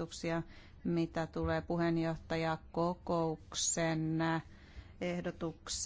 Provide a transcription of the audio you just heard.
tarkistuksia, mitä tulee puheenjohtajakokouksen ehdotuksiin.